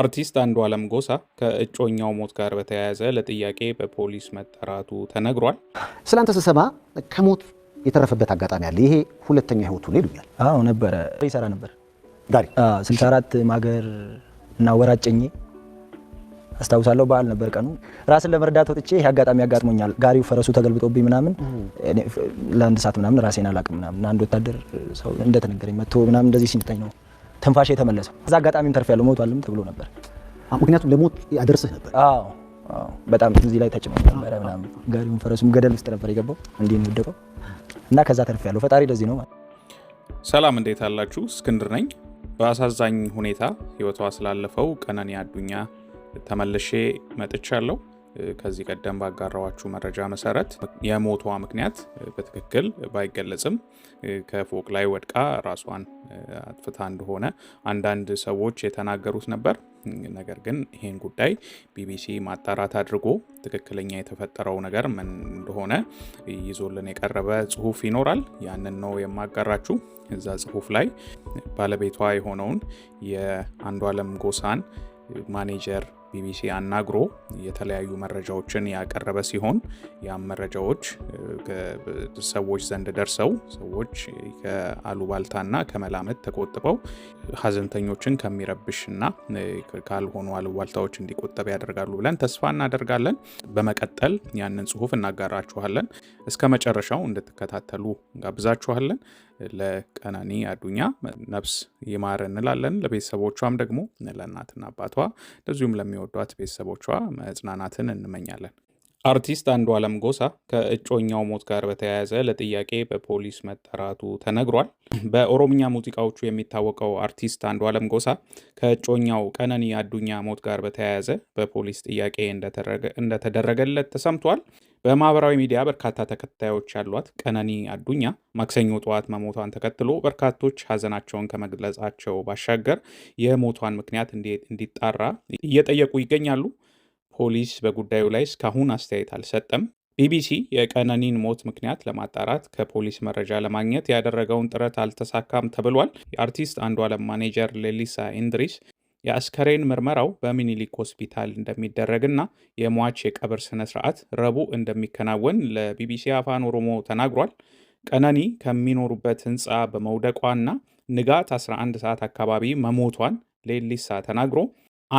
አርቲስት አንዱዓለም ጎሳ ከእጮኛው ሞት ጋር በተያያዘ ለጥያቄ በፖሊስ መጠራቱ ተነግሯል። ስላንተ ስሰማ ከሞት የተረፈበት አጋጣሚ አለ። ይሄ ሁለተኛ ህይወቱ ነው ይሉኛል። አዎ ነበረ፣ ይሰራ ነበር ጋሪ 64 ማገር እና ወራጨኝ አስታውሳለሁ። በዓል ነበር ቀኑ። ራስን ለመርዳት ወጥቼ ይሄ አጋጣሚ አጋጥሞኛል። ጋሪው ፈረሱ ተገልብጦብኝ ምናምን ለአንድ ሰዓት ምናምን ራሴን አላቅም ምናምን አንድ ወታደር ሰው እንደተነገረኝ መጥቶ ምናምን እንደዚህ ሲንጠኝ ነው ትንፋሽ የተመለሰው። እዛ አጋጣሚም ተርፍ ያለው ሞት አለም ተብሎ ነበር። ምክንያቱም ለሞት ያደርስህ ነበር። አዎ በጣም እዚህ ላይ ተጭኖ ነበረ ምናምን፣ ጋሪውን ፈረሱም ገደል ውስጥ ነበር የገባው እንዲህ ወደቀው እና ከዛ ተርፍ ያለው ፈጣሪ ለዚህ ነው። ሰላም እንዴት አላችሁ? እስክንድር ነኝ። በአሳዛኝ ሁኔታ ህይወቷ ስላለፈው ቀነኒ አዱኛ ተመልሼ መጥቻለሁ። ከዚህ ቀደም ባጋራዋችሁ መረጃ መሰረት የሞቷ ምክንያት በትክክል ባይገለጽም ከፎቅ ላይ ወድቃ ራሷን አጥፍታ እንደሆነ አንዳንድ ሰዎች የተናገሩት ነበር። ነገር ግን ይህን ጉዳይ ቢቢሲ ማጣራት አድርጎ ትክክለኛ የተፈጠረው ነገር ምን እንደሆነ ይዞልን የቀረበ ጽሁፍ ይኖራል። ያንን ነው የማጋራችሁ። እዛ ጽሁፍ ላይ ባለቤቷ የሆነውን የአንዷለም ጎሳን ማኔጀር ቢቢሲ አናግሮ የተለያዩ መረጃዎችን ያቀረበ ሲሆን ያም መረጃዎች ሰዎች ዘንድ ደርሰው ሰዎች ከአሉባልታና ከመላመት ተቆጥበው ሀዘንተኞችን ከሚረብሽና ካልሆኑ አሉባልታዎች እንዲቆጠብ ያደርጋሉ ብለን ተስፋ እናደርጋለን። በመቀጠል ያንን ጽሁፍ እናጋራችኋለን። እስከ መጨረሻው እንድትከታተሉ እንጋብዛችኋለን። ለቀነኒ አዱኛ ነፍስ ይማር እንላለን። ለቤተሰቦቿም ደግሞ ለእናትና አባቷ እንደዚሁም ለሚወዷት ቤተሰቦቿ መጽናናትን እንመኛለን። አርቲስት አንዱዓለም ጎሳ ከእጮኛው ሞት ጋር በተያያዘ ለጥያቄ በፖሊስ መጠራቱ ተነግሯል። በኦሮምኛ ሙዚቃዎቹ የሚታወቀው አርቲስት አንዱዓለም ጎሳ ከእጮኛው ቀነኒ አዱኛ ሞት ጋር በተያያዘ በፖሊስ ጥያቄ እንደተደረገለት ተሰምቷል። በማህበራዊ ሚዲያ በርካታ ተከታዮች ያሏት ቀነኒ አዱኛ ማክሰኞ ጠዋት መሞቷን ተከትሎ በርካቶች ሀዘናቸውን ከመግለጻቸው ባሻገር የሞቷን ምክንያት እንዲጣራ እየጠየቁ ይገኛሉ። ፖሊስ በጉዳዩ ላይ እስካሁን አስተያየት አልሰጠም። ቢቢሲ የቀነኒን ሞት ምክንያት ለማጣራት ከፖሊስ መረጃ ለማግኘት ያደረገውን ጥረት አልተሳካም ተብሏል። የአርቲስት አንዷለም ማኔጀር ሌሊሳ ኢንድሪስ የአስከሬን ምርመራው በሚኒሊክ ሆስፒታል እንደሚደረግና የሟች የቀብር ስነ ስርዓት ረቡዕ እንደሚከናወን ለቢቢሲ አፋን ኦሮሞ ተናግሯል። ቀነኒ ከሚኖሩበት ህንፃ በመውደቋና ንጋት 11 ሰዓት አካባቢ መሞቷን ሌሊሳ ተናግሮ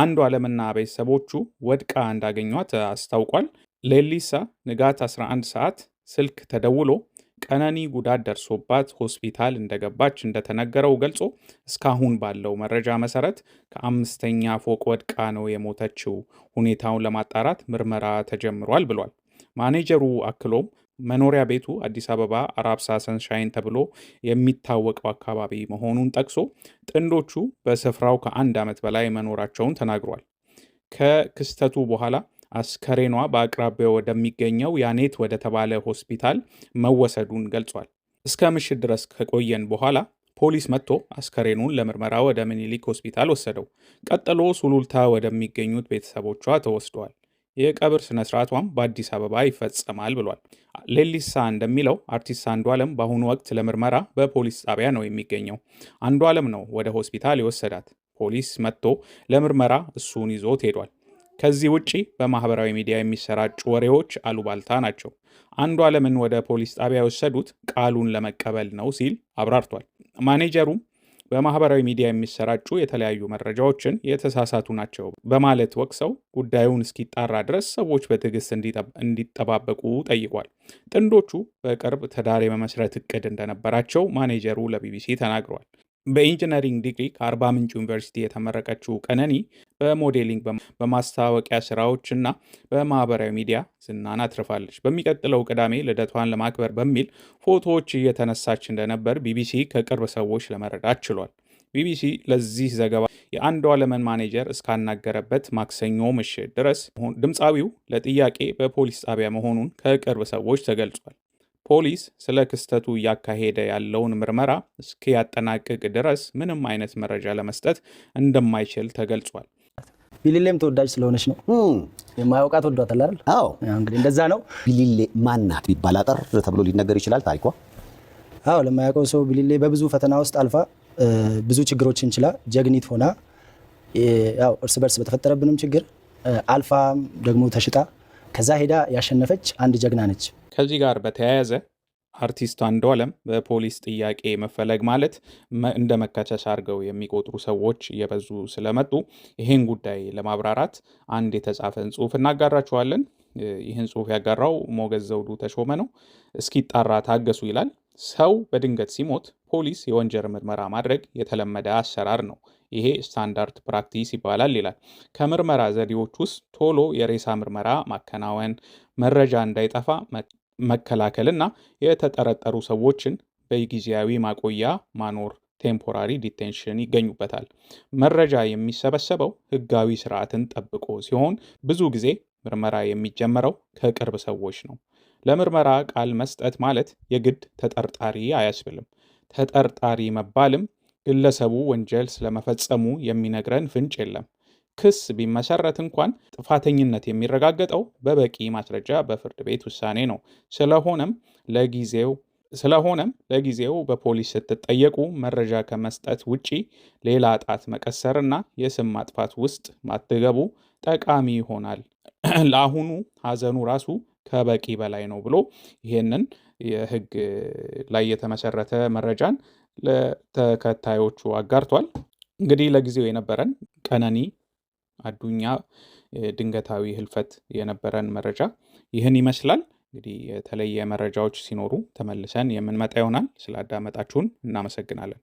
አንዱ ዓለምና ቤተሰቦቹ ወድቃ እንዳገኟት አስታውቋል። ሌሊሳ ንጋት 11 ሰዓት ስልክ ተደውሎ ቀነኒ ጉዳት ደርሶባት ሆስፒታል እንደገባች እንደተነገረው ገልጾ እስካሁን ባለው መረጃ መሰረት ከአምስተኛ ፎቅ ወድቃ ነው የሞተችው፣ ሁኔታውን ለማጣራት ምርመራ ተጀምሯል ብሏል። ማኔጀሩ አክሎም መኖሪያ ቤቱ አዲስ አበባ አራብሳ ሰንሻይን ተብሎ የሚታወቀው አካባቢ መሆኑን ጠቅሶ ጥንዶቹ በስፍራው ከአንድ ዓመት በላይ መኖራቸውን ተናግሯል። ከክስተቱ በኋላ አስከሬኗ በአቅራቢያው ወደሚገኘው ያኔት ወደ ተባለ ሆስፒታል መወሰዱን ገልጿል። እስከ ምሽት ድረስ ከቆየን በኋላ ፖሊስ መጥቶ አስከሬኑን ለምርመራ ወደ ምኒልክ ሆስፒታል ወሰደው። ቀጥሎ ሱሉልታ ወደሚገኙት ቤተሰቦቿ ተወስደዋል። የቀብር ስነ ስርዓቷም በአዲስ አበባ ይፈጸማል ብሏል። ሌሊሳ እንደሚለው አርቲስት አንዱ ዓለም በአሁኑ ወቅት ለምርመራ በፖሊስ ጣቢያ ነው የሚገኘው። አንዱ ዓለም ነው ወደ ሆስፒታል የወሰዳት። ፖሊስ መጥቶ ለምርመራ እሱን ይዞት ሄዷል። ከዚህ ውጪ በማህበራዊ ሚዲያ የሚሰራጩ ወሬዎች አሉባልታ ናቸው። አንዱ ዓለምን ወደ ፖሊስ ጣቢያ የወሰዱት ቃሉን ለመቀበል ነው ሲል አብራርቷል። ማኔጀሩም በማህበራዊ ሚዲያ የሚሰራጩ የተለያዩ መረጃዎችን የተሳሳቱ ናቸው በማለት ወቅሰው ጉዳዩን እስኪጣራ ድረስ ሰዎች በትዕግስት እንዲጠባበቁ ጠይቋል። ጥንዶቹ በቅርብ ትዳር የመመስረት እቅድ እንደነበራቸው ማኔጀሩ ለቢቢሲ ተናግሯል። በኢንጂነሪንግ ዲግሪ ከአርባ ምንጭ ዩኒቨርሲቲ የተመረቀችው ቀነኒ በሞዴሊንግ በማስታወቂያ ስራዎች እና በማህበራዊ ሚዲያ ዝናን አትርፋለች። በሚቀጥለው ቅዳሜ ልደቷን ለማክበር በሚል ፎቶዎች እየተነሳች እንደነበር ቢቢሲ ከቅርብ ሰዎች ለመረዳት ችሏል። ቢቢሲ ለዚህ ዘገባ የአንዷ ለመን ማኔጀር እስካናገረበት ማክሰኞ ምሽት ድረስ ድምፃዊው ለጥያቄ በፖሊስ ጣቢያ መሆኑን ከቅርብ ሰዎች ተገልጿል። ፖሊስ ስለ ክስተቱ እያካሄደ ያለውን ምርመራ እስኪያጠናቅቅ ድረስ ምንም አይነት መረጃ ለመስጠት እንደማይችል ተገልጿል። ቢሊሌም ተወዳጅ ስለሆነች ነው የማያውቃት ወዷታል አይደል? አዎ እንግዲህ እንደዛ ነው። ቢሊሌ ማናት ቢባል አጠር ተብሎ ሊነገር ይችላል ታሪኳ። አዎ ለማያውቀው ሰው ቢሊሌ በብዙ ፈተና ውስጥ አልፋ ብዙ ችግሮችን ችላ ጀግኒት ሆና ያው እርስ በርስ በተፈጠረብንም ችግር አልፋም ደግሞ ተሽጣ ከዛ ሄዳ ያሸነፈች አንድ ጀግና ነች። ከዚህ ጋር በተያያዘ አርቲስት አንዷለም በፖሊስ ጥያቄ መፈለግ ማለት እንደ መከሰስ አድርገው የሚቆጥሩ ሰዎች እየበዙ ስለመጡ ይህን ጉዳይ ለማብራራት አንድ የተጻፈን ጽሁፍ እናጋራችኋለን። ይህን ጽሁፍ ያጋራው ሞገዝ ዘውዱ ተሾመ ነው። እስኪጣራ ታገሱ ይላል። ሰው በድንገት ሲሞት ፖሊስ የወንጀል ምርመራ ማድረግ የተለመደ አሰራር ነው። ይሄ ስታንዳርድ ፕራክቲስ ይባላል ይላል። ከምርመራ ዘዴዎች ውስጥ ቶሎ የሬሳ ምርመራ ማከናወን፣ መረጃ እንዳይጠፋ መከላከልና የተጠረጠሩ ሰዎችን በጊዜያዊ ማቆያ ማኖር ቴምፖራሪ ዲቴንሽን ይገኙበታል። መረጃ የሚሰበሰበው ህጋዊ ስርዓትን ጠብቆ ሲሆን ብዙ ጊዜ ምርመራ የሚጀመረው ከቅርብ ሰዎች ነው። ለምርመራ ቃል መስጠት ማለት የግድ ተጠርጣሪ አያስብልም። ተጠርጣሪ መባልም ግለሰቡ ወንጀል ስለመፈጸሙ የሚነግረን ፍንጭ የለም። ክስ ቢመሰረት እንኳን ጥፋተኝነት የሚረጋገጠው በበቂ ማስረጃ በፍርድ ቤት ውሳኔ ነው። ስለሆነም ለጊዜው ስለሆነም ለጊዜው በፖሊስ ስትጠየቁ መረጃ ከመስጠት ውጪ ሌላ ጣት መቀሰርና የስም ማጥፋት ውስጥ ማትገቡ ጠቃሚ ይሆናል። ለአሁኑ ሀዘኑ ራሱ ከበቂ በላይ ነው ብሎ ይሄንን የህግ ላይ የተመሰረተ መረጃን ለተከታዮቹ አጋርቷል። እንግዲህ ለጊዜው የነበረን ቀነኒ አዱኛ ድንገታዊ ህልፈት የነበረን መረጃ ይህን ይመስላል። እንግዲህ የተለየ መረጃዎች ሲኖሩ ተመልሰን የምንመጣ ይሆናል። ስላዳመጣችሁን እናመሰግናለን።